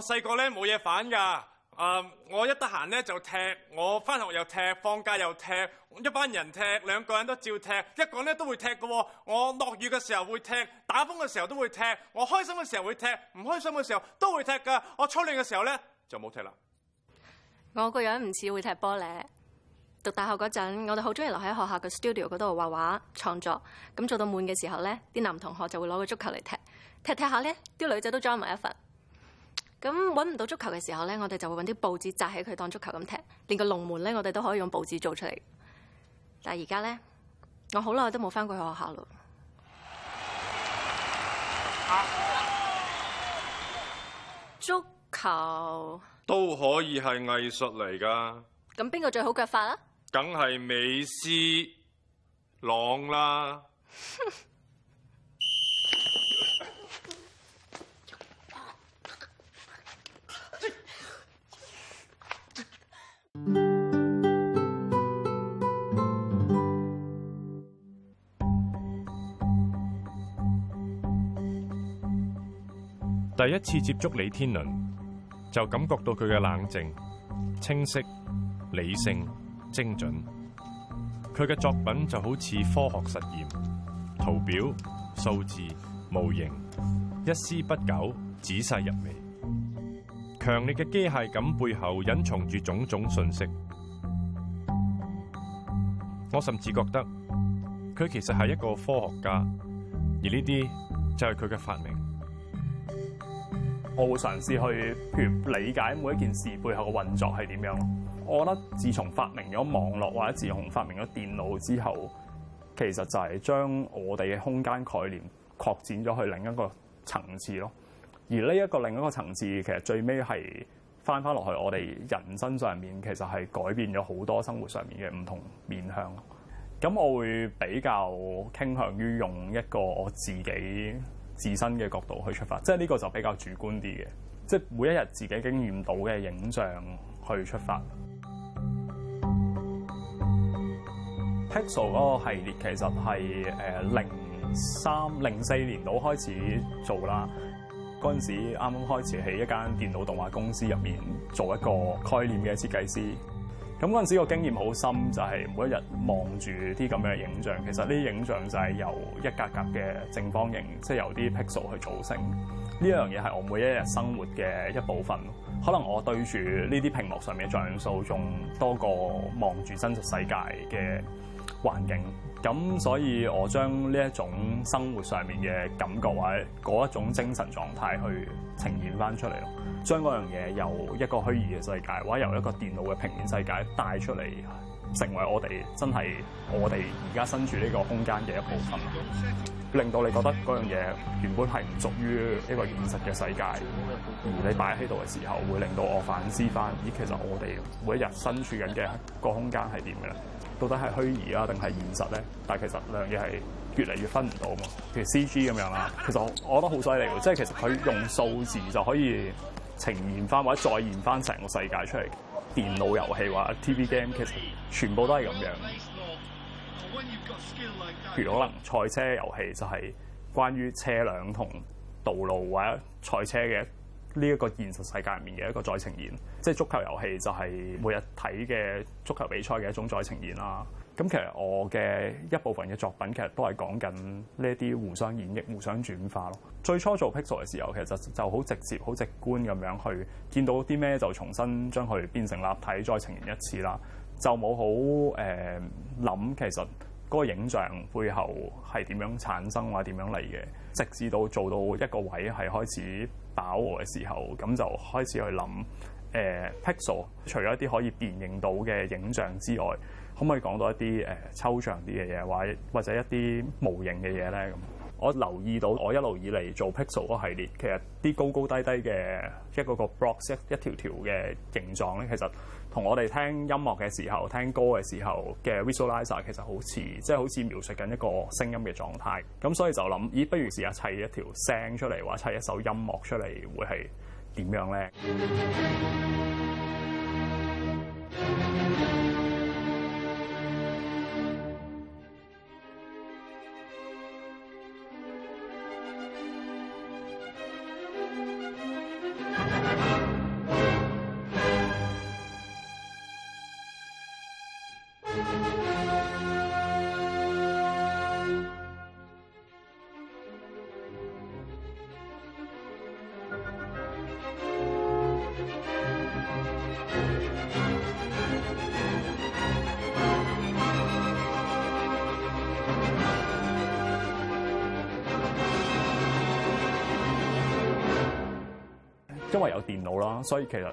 細個咧，冇嘢玩噶。啊！Um, 我一得閒咧，就踢，我翻學又踢，放假又踢，一班人踢，兩個人都照踢，一個人咧都會踢噶。我落雨嘅時候會踢，打風嘅時候都會踢，我開心嘅時候會踢，唔開心嘅時候都會踢噶。我初戀嘅時候咧就冇踢啦。我個樣唔似會踢波咧。讀大學嗰陣，我哋好中意留喺學校嘅 studio 嗰度畫畫創作。咁做到悶嘅時候咧，啲男同學就會攞個足球嚟踢，踢踢下咧，啲女仔都 join 埋一份。咁揾唔到足球嘅時候咧，我哋就會揾啲報紙紮起佢當足球咁踢，連個龍門咧，我哋都可以用報紙做出嚟。但係而家咧，我好耐都冇返過去學校咯。啊、足球都可以係藝術嚟㗎。咁邊個最好腳法啊？梗係美斯朗啦。 第一次接觸李天倫就感覺到佢嘅冷靜、清晰、理性、精準。佢嘅作品就好似科學實驗，圖表、數字、模型，一絲不苟，仔細入微。強烈嘅機械感背後隱藏住種種信息。我甚至覺得佢其實係一個科學家，而呢啲就係佢嘅發明。我會嘗試去，譬如理解每一件事背後嘅運作係點樣。我覺得自從發明咗網絡或者自從發明咗電腦之後，其實就係將我哋嘅空間概念擴展咗去另一個層次咯。而呢一個另一個層次，其實最尾係翻翻落去我哋人生上面，其實係改變咗好多生活上面嘅唔同面向。咁我會比較傾向於用一個我自己，自身嘅角度去出發，即係呢個就比較主觀啲嘅，即係每一日自己經驗到嘅影像去出發。 Pixel 嗰個系列其實，係誒零三零四年度開始做啦，嗰陣時啱啱開始喺一間電腦動畫公司入面做一個概念嘅設計師。咁嗰陣時個經驗好深，就係每一日望住啲咁樣嘅影像，其實呢啲影像就係由一格格嘅正方形，即係由啲 pixel 去組成。呢樣嘢係我每一日生活嘅一部分。可能我對住呢啲屏幕上面嘅像素，仲多過望住真實世界嘅環境。咁所以，我將呢一種生活上面嘅感覺，或者嗰一種精神狀態，去呈現翻出嚟咯。將嗰樣嘢由一個虛擬嘅世界，或者由一個電腦嘅平面世界帶出嚟，成為我哋真係我哋而家身處呢個空間嘅一部分，令到你覺得嗰樣嘢原本係唔屬於呢個現實嘅世界，而你擺喺度嘅時候，會令到我反思翻：咦，其實我哋每一日身處緊嘅個空間係點嘅咧？到底係虛擬啊，定係現實咧？但係其實兩嘢係越嚟越分唔到啊嘛。其實 C G 咁樣啦，其實我覺得好犀利喎。即係其實佢用數字就可以呈現返或者再現返成個世界出嚟。電腦遊戲或者 T V game 其實全部都係咁樣。譬如可能賽車遊戲就係關於車輛同道路或者賽車嘅。呢一個現實世界入面嘅一個再呈現，即係足球遊戲就係每日睇嘅足球比賽嘅一種再呈現啦。咁其實我嘅一部分嘅作品其實都係講緊呢啲互相演繹、互相轉化咯。最初做 Pixel 嘅時候，其實就好直接、好直觀咁樣去見到啲咩就重新將佢變成立體再呈現一次啦。就冇好誒諗，呃、其實嗰個影像背後係點樣產生或者點樣嚟嘅？直至到做到一個位係開始飽和嘅時候，咁就開始去諗，誒、呃、pixel。除咗一啲可以辨認到嘅影像之外，可唔可以講到一啲誒、呃、抽象啲嘅嘢，或者或者一啲模型嘅嘢咧？咁我留意到我一路以嚟做 pixel 嗰系列，其實啲高高低低嘅一個個 blocks，一一條條嘅形狀咧，其實。同我哋聽音樂嘅時候、聽歌嘅時候嘅 visualizer 其實好似，即係好似描述緊一個聲音嘅狀態。咁所以就諗，咦，不如試下砌一條聲出嚟，或者砌一首音樂出嚟，會係點樣咧？ 因為有電腦啦，所以其實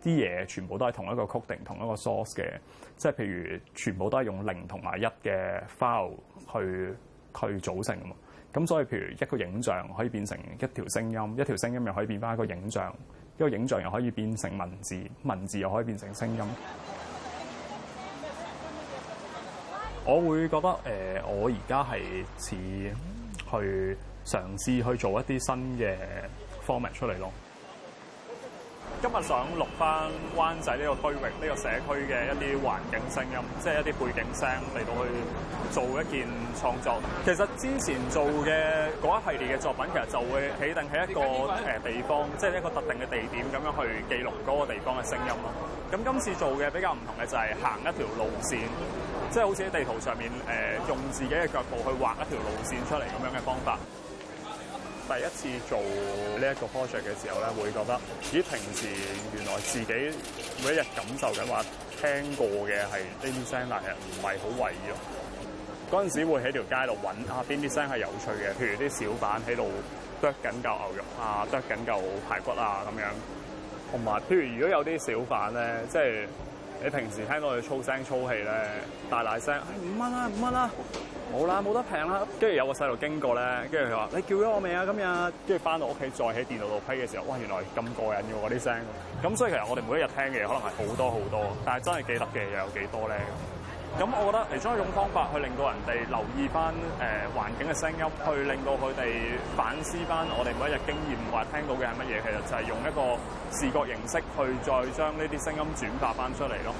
啲嘢全部都係同一個 coding 同一個 source 嘅，即係譬如全部都係用零同埋一嘅 file 去去組成咁。咁所以譬如一個影像可以變成一條聲音，一條聲音又可以變翻一個影像，一個影像又可以變成文字，文字又可以變成聲音。我會覺得誒、呃，我而家係似去嘗試去做一啲新嘅 format 出嚟咯。今日想錄翻灣仔呢個區域、呢個社區嘅一啲環境聲音，即係一啲背景聲嚟到去做一件創作。其實之前做嘅嗰一系列嘅作品，其實就會企定喺一個誒地方，即係一個特定嘅地點咁樣去記錄嗰個地方嘅聲音咯。咁今次做嘅比較唔同嘅就係行一條路線，即係好似喺地圖上面誒用自己嘅腳步去畫一條路線出嚟咁樣嘅方法。第一次做呢一個 project 嘅時候咧，會覺得咦，平時原來自己每一日感受緊話聽過嘅係啲聲，但係唔係好為意。嗰陣時會喺條街度揾啊，邊啲聲係有趣嘅？譬如啲小販喺度剁緊嚿牛肉啊，剁緊嚿排骨啊咁樣，同埋譬如如果有啲小販咧，即係。你平時聽到佢粗聲粗氣咧，大嗌聲，五蚊啦，五蚊啦，冇啦，冇得平啦。跟住有個細路經過咧，跟住佢話：你叫咗我未啊？今日。跟住翻到屋企再喺電腦度批嘅時候，哇！原來咁過癮嘅喎啲聲。咁 所以其實我哋每一日聽嘅嘢可能係好多好多，但係真係記得嘅又有幾多咧？咁、嗯、我覺得，其中一種方法去令到人哋留意翻誒、呃、環境嘅聲音，去令到佢哋反思翻我哋每一日經驗或聽到嘅係乜嘢，其實就係用一個視覺形式去再將呢啲聲音轉化翻出嚟咯。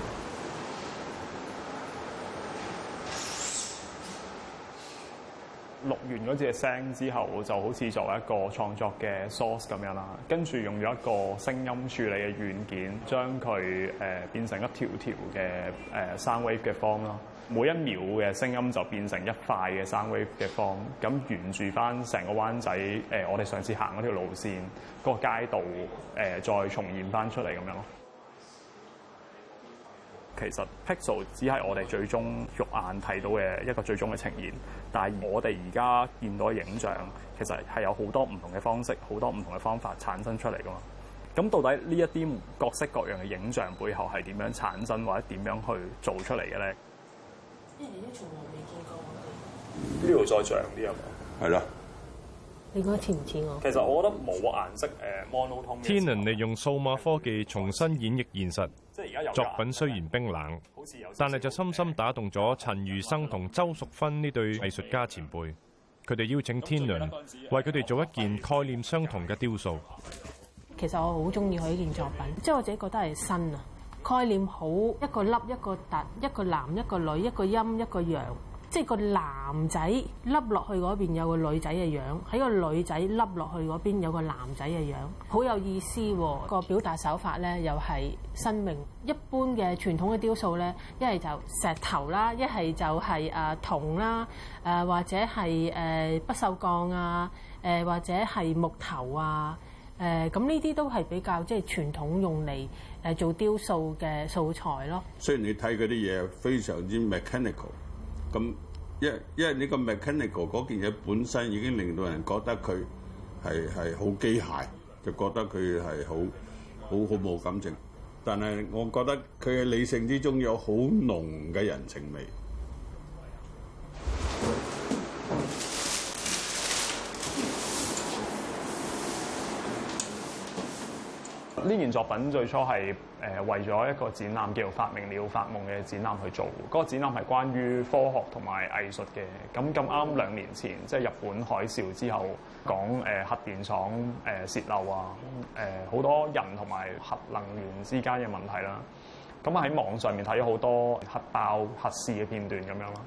錄完嗰隻聲之後，就好似作為一個創作嘅 source 咁樣啦，跟住用咗一個聲音處理嘅軟件，將佢誒、呃、變成一條條嘅誒 sound wave 嘅方咯，每一秒嘅聲音就變成一塊嘅 sound wave 嘅方，咁沿住翻成個灣仔誒、呃，我哋上次行嗰條路線嗰、嗰個街道誒、呃，再重現翻出嚟咁樣咯。其實 pixel 只係我哋最終肉眼睇到嘅一個最終嘅呈現，但係我哋而家見到嘅影像其實係有好多唔同嘅方式，好多唔同嘅方法產生出嚟噶嘛。咁到底呢一啲各式各樣嘅影像背後係點樣產生，或者點樣去做出嚟嘅咧？呢未呢度再長啲啊？係啦。你覺得似唔似我？其實我覺得冇顏色誒。Monoton。天倫利用數碼科技重新演繹現實。即係而家作品雖然冰冷，好似有但係就深深打動咗陳如生同周淑芬呢對藝術家前輩。佢哋、嗯、邀請天倫為佢哋做一件概念相同嘅雕塑。其實我好中意佢呢件作品，即係我自己覺得係新啊，概念好一個凹一個凸，一個男一個女，一個陰一個陽。即係個男仔凹落去嗰邊有個女仔嘅樣，喺個女仔凹落去嗰邊有個男仔嘅樣，好有意思喎。個表達手法咧又係新穎。一般嘅傳統嘅雕塑咧，一係就石頭啦，一係就係啊銅啦啊，或者係誒不鏽鋼啊誒，或者係木頭啊誒，咁呢啲都係比較即係傳統用嚟誒做雕塑嘅素材咯。雖然你睇嗰啲嘢非常之 mechanical。咁，因為因為呢個 mechanical 嗰件嘢本身已經令到人覺得佢係係好機械，就覺得佢係好好好冇感情。但係我覺得佢嘅理性之中有好濃嘅人情味。呢件作品最初係誒、呃、為咗一個展覽叫做《發明了發夢》嘅展覽去做，嗰、那個展覽係關於科學同埋藝術嘅。咁咁啱兩年前，即係日本海嘯之後，講誒、呃、核電廠誒洩漏啊，誒、呃、好多人同埋核能源之間嘅問題啦。咁啊喺網上面睇咗好多核爆、核試嘅片段咁樣啦。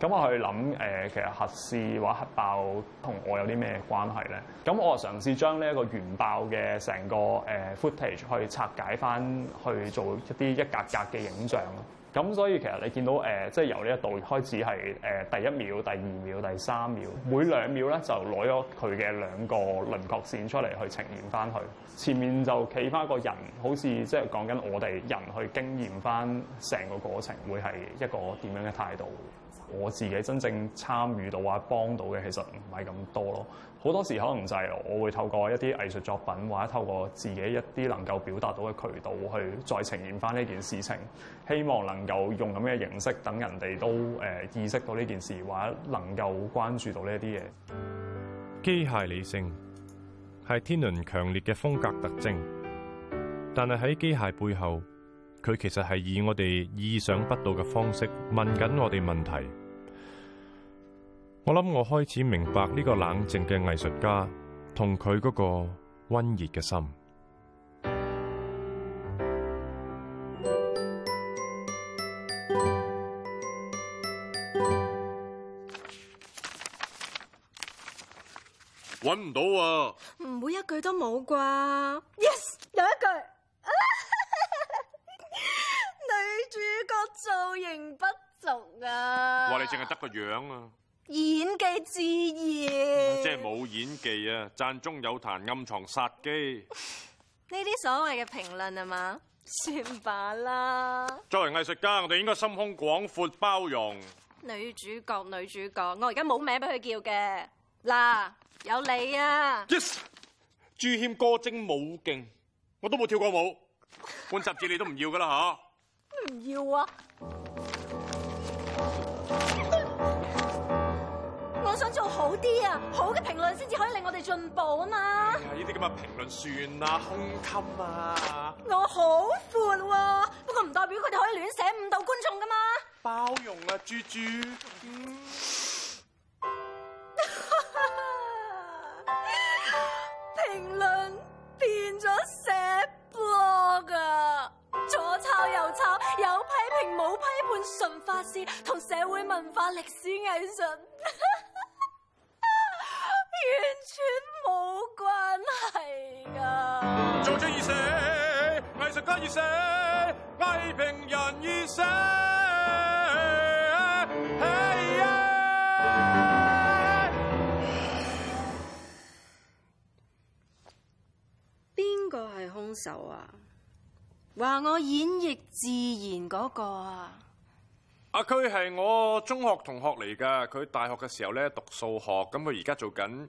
咁我去諗誒、呃，其實核試或核爆同我有啲咩關係咧？咁我啊嘗試將呢一個原爆嘅成個誒、呃、footage 去拆解翻，去做一啲一格格嘅影像咯。咁所以其實你見到誒即係由呢一度開始係誒、呃、第一秒、第二秒、第三秒，每兩秒咧就攞咗佢嘅兩個輪廓線出嚟去呈現翻，去前面就企翻個人，好似即係講緊我哋人去經驗翻成個過程會係一個點樣嘅態度。我自己真正參與到或者幫到嘅其實唔係咁多囉，好多時可能就係我會透過一啲藝術作品或者透過自己一啲能夠表達到嘅渠道去再呈現返呢件事情，希望能夠用咁嘅形式等人哋都誒、呃、意識到呢件事，或者能夠關注到呢一啲嘢。機械理性係天倫強烈嘅風格特徵，但係喺機械背後，佢其實係以我哋意想不到嘅方式問緊我哋問題。我諗我開始明白呢個冷靜嘅藝術家同佢嗰個溫熱嘅心，搵唔到啊！唔會一句都冇啩？Yes，有一句。 女主角造型不俗啊！話你淨係得個樣啊！演技自然，即係冇演技啊！讚中有彈，暗藏殺機。呢啲所謂嘅評論係嘛？算罷啦。作為藝術家，我哋應該心胸廣闊、包容。女主角，女主角，我而家冇名俾佢叫嘅。嗱，有你啊！Yes，朱謙歌精舞勁，我都冇跳過舞。換雜誌你都唔要噶啦，吓？唔要啊！想做好啲啊，好嘅評論先至可以令我哋進步啊嘛。呢啲咁嘅評論算啊，胸襟啊，我好闊喎。不過唔代表佢哋可以亂寫誤導觀眾噶嘛。包容啊，豬豬。嗯、 評論變咗寫 blog、啊、左抄右抄，有批評冇批，批，批判，純化事同社會文化歷史藝術。 冇關係噶，作者已死，藝術家已死，批評人已死，邊個係兇手啊？話我演繹自然嗰個啊？阿區係我中學同學嚟噶，佢大學嘅時候咧讀數學，咁佢而家做緊。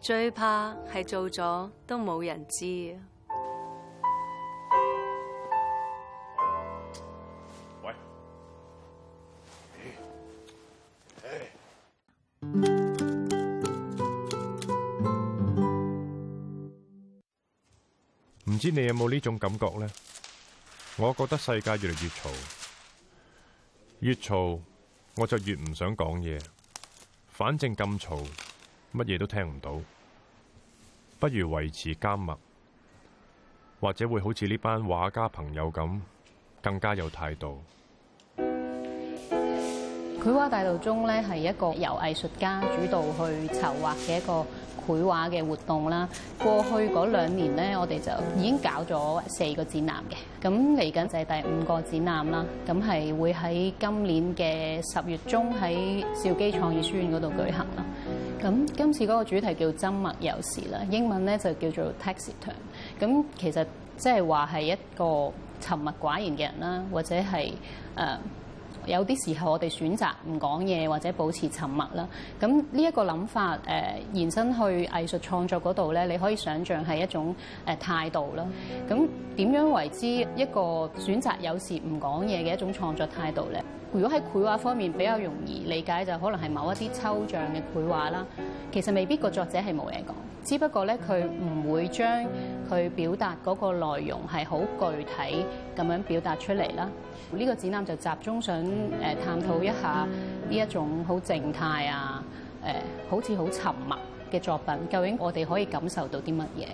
最怕係做咗都冇人知。喂，喂，喂，唔知你有冇呢種感覺呢？我覺得世界越嚟越嘈，越嘈我就越唔想講嘢，反正咁嘈。乜嘢都聽唔到，不如維持緘默，或者會好似呢班畫家朋友咁更加有態度。繪畫大道中咧係一個由藝術家主導去籌劃嘅一個繪畫嘅活動啦。過去嗰兩年咧，我哋就已經搞咗四個展覽嘅，咁嚟緊就係第五個展覽啦。咁係會喺今年嘅十月中喺兆基創意書院嗰度舉行啦。咁今次嗰個主題叫緘默有時啦，英文咧就叫做 taciturn。咁 ta 其實即係話係一個沉默寡言嘅人啦，或者係誒、呃有啲時候，我哋選擇唔講嘢或者保持沉默啦。咁呢一個諗法，誒、呃、延伸去藝術創作嗰度咧，你可以想像係一種誒態度啦。咁點樣為之一個選擇？有時唔講嘢嘅一種創作態度咧。如果喺繪畫方面比較容易理解，就可能係某一啲抽象嘅繪畫啦。其實未必個作者係冇嘢講，只不過咧佢唔會將佢表達嗰個內容係好具體咁樣表達出嚟啦。呢個展覽就集中想誒探討一下呢一種好靜態啊誒，好似好沉默嘅作品，究竟我哋可以感受到啲乜嘢？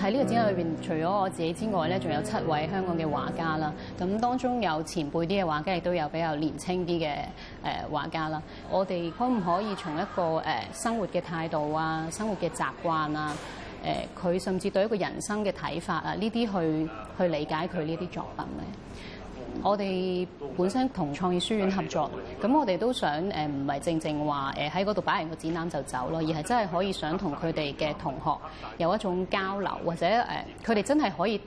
喺呢個展覽裏邊，除咗我自己之外咧，仲有七位香港嘅畫家啦。咁當中有前輩啲嘅畫家，亦都有比較年輕啲嘅誒畫家啦。我哋可唔可以從一個誒、呃、生活嘅態度啊、生活嘅習慣啊、誒、呃、佢甚至對一個人生嘅睇法啊呢啲去去理解佢呢啲作品咧？我哋本身同創意書院合作，咁、嗯、我哋都想誒，唔、呃、係正正話誒喺嗰度擺完個展覽就走咯，而係真係可以想同佢哋嘅同學有一種交流，或者誒，佢、呃、哋真係可以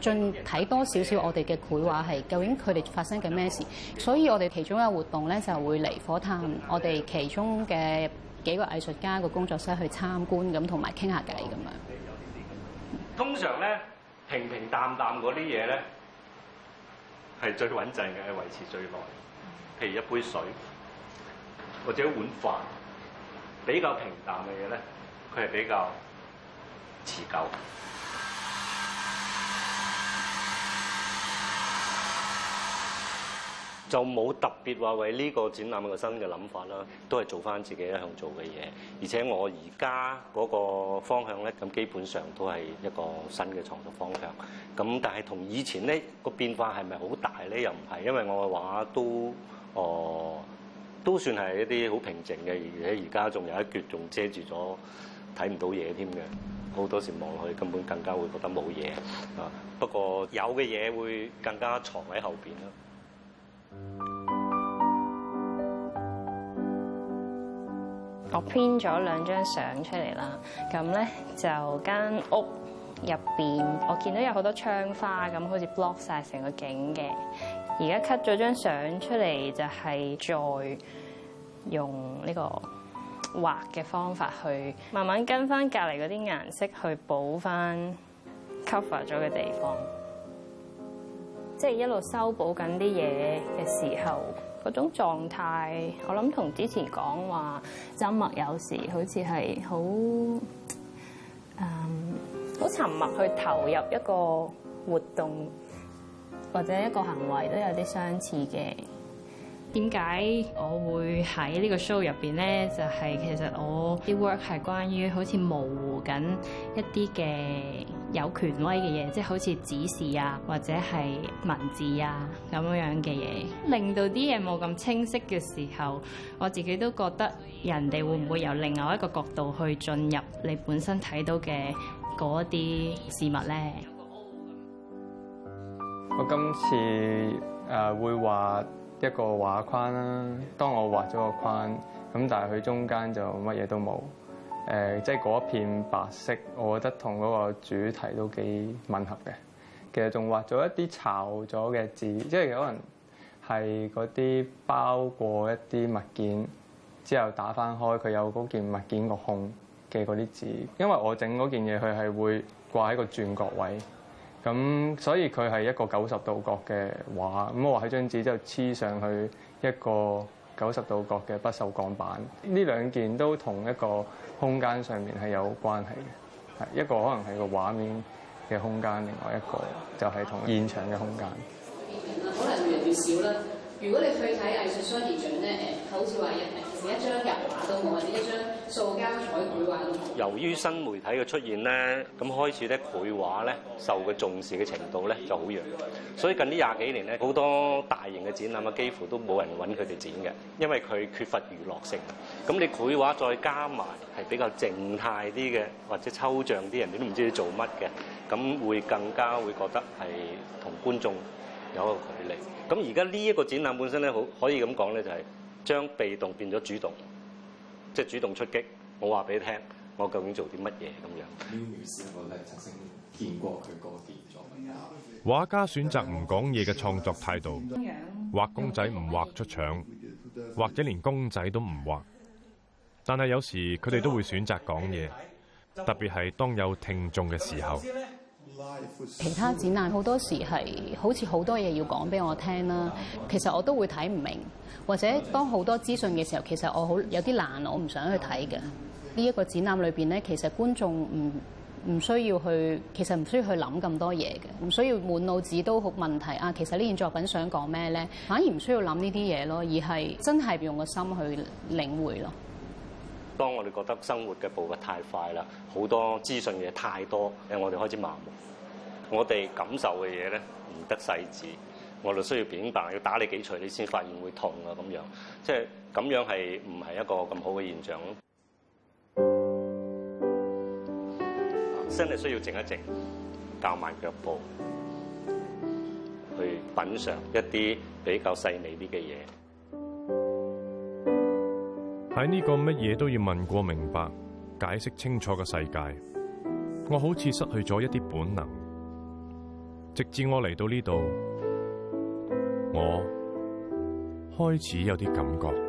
進睇多少少我哋嘅繪畫係究竟佢哋發生緊咩事。所以我哋其中一個活動咧就會嚟火炭，我哋其中嘅幾個藝術家個工作室去參觀，咁同埋傾下偈咁樣。通常咧平平淡淡嗰啲嘢咧。係最穩陣嘅，係維持最耐。譬如一杯水，或者一碗飯，比較平淡嘅嘢咧，佢係比較持久的。就冇特別話為呢個展覽個新嘅諗法啦，都係做翻自己一向做嘅嘢。而且我而家嗰個方向咧，咁基本上都係一個新嘅創作方向。咁但係同以前咧個變化係咪好大咧？又唔係，因為我嘅畫都哦、呃、都算係一啲好平靜嘅，而且而家仲有一橛仲遮住咗睇唔到嘢添嘅。好多時望落去根本更加會覺得冇嘢啊。不過有嘅嘢會更加藏喺後邊啦。我編咗兩張相出嚟啦，咁咧就間屋入邊，我見到有好多窗花，咁好似 block 晒成個景嘅。而家 cut 咗張相出嚟，就係再用呢個畫嘅方法去慢慢跟翻隔離嗰啲顏色去補翻 cover 咗嘅地方。即係一路修補緊啲嘢嘅時候，嗰種狀態，我諗同之前講話，緘默有時好似係好，嗯，好沉默去投入一個活動或者一個行為都有啲相似嘅。點解我會喺呢個 show 入邊咧？就係、是、其實我啲 work 係關於好似模糊緊一啲嘅有權威嘅嘢，即、就、係、是、好似指示啊或者係文字啊咁樣嘅嘢，令到啲嘢冇咁清晰嘅時候，我自己都覺得人哋會唔會由另外一個角度去進入你本身睇到嘅嗰啲事物咧？我今次誒、呃、會話。一個畫框啦，當我畫咗個框，咁但係佢中間就乜嘢都冇，誒、呃，即係嗰一片白色，我覺得同嗰個主題都幾吻合嘅。其實仲畫咗一啲摺咗嘅紙，即係可能係嗰啲包過一啲物件之後打翻開，佢有嗰件物件個空嘅嗰啲紙。因為我整嗰件嘢，佢係會掛喺個轉角位。咁所以佢係一個九十度角嘅畫，咁我喺張紙之後黐上去一個九十度角嘅不鏽鋼板，呢兩件都同一個空間上面係有關係嘅，係一個可能係個畫面嘅空間，另外一個就係同一個現場嘅空間。可能越嚟越少啦。如果你去睇藝術雙年獎咧，好似話人其實一張油畫都冇，或者一張。由於新媒體嘅出現咧，咁開始咧繪畫咧受嘅重視嘅程度咧就好弱，所以近呢廿幾年咧，好多大型嘅展覽啊，幾乎都冇人揾佢哋展嘅，因為佢缺乏娛樂性。咁你繪畫再加埋係比較靜態啲嘅，或者抽象啲，人哋都唔知你做乜嘅，咁會更加會覺得係同觀眾有一個距離。咁而家呢一個展覽本身咧，好可以咁講咧，就係將被動變咗主動。即係主動出擊，我話俾你聽，我究竟做啲乜嘢咁樣？嗯、畫家選擇唔講嘢嘅創作態度，畫公仔唔畫出腸，或者連公仔都唔畫。但係有時佢哋都會選擇講嘢，特別係當有聽眾嘅時候。其他展覽好多時係好似好多嘢要講俾我聽啦，其實我都會睇唔明，或者當好多資訊嘅時候，其實我好有啲難，我唔想去睇嘅。呢一個展覽裏邊咧，其實觀眾唔唔需要去，其實唔需要去諗咁多嘢嘅，唔需要滿腦子都好問題啊。其實呢件作品想講咩咧，反而唔需要諗呢啲嘢咯，而係真係用個心去領會咯。當我哋覺得生活嘅步伐太快啦，好多資訊嘢太多，誒，我哋開始麻木。我哋感受嘅嘢咧，唔得細緻，我哋需要扁棒，要打你幾錘，你先發現會痛啊。咁樣，即係咁樣，係唔係一個咁好嘅現象？身體 需要靜一靜，教慢腳步去品嘗一啲比較細膩啲嘅嘢。喺呢 個乜嘢都要問過明白、解釋清楚嘅世界，我好似失去咗一啲本能。直至我嚟到呢度，我開始有啲感覺。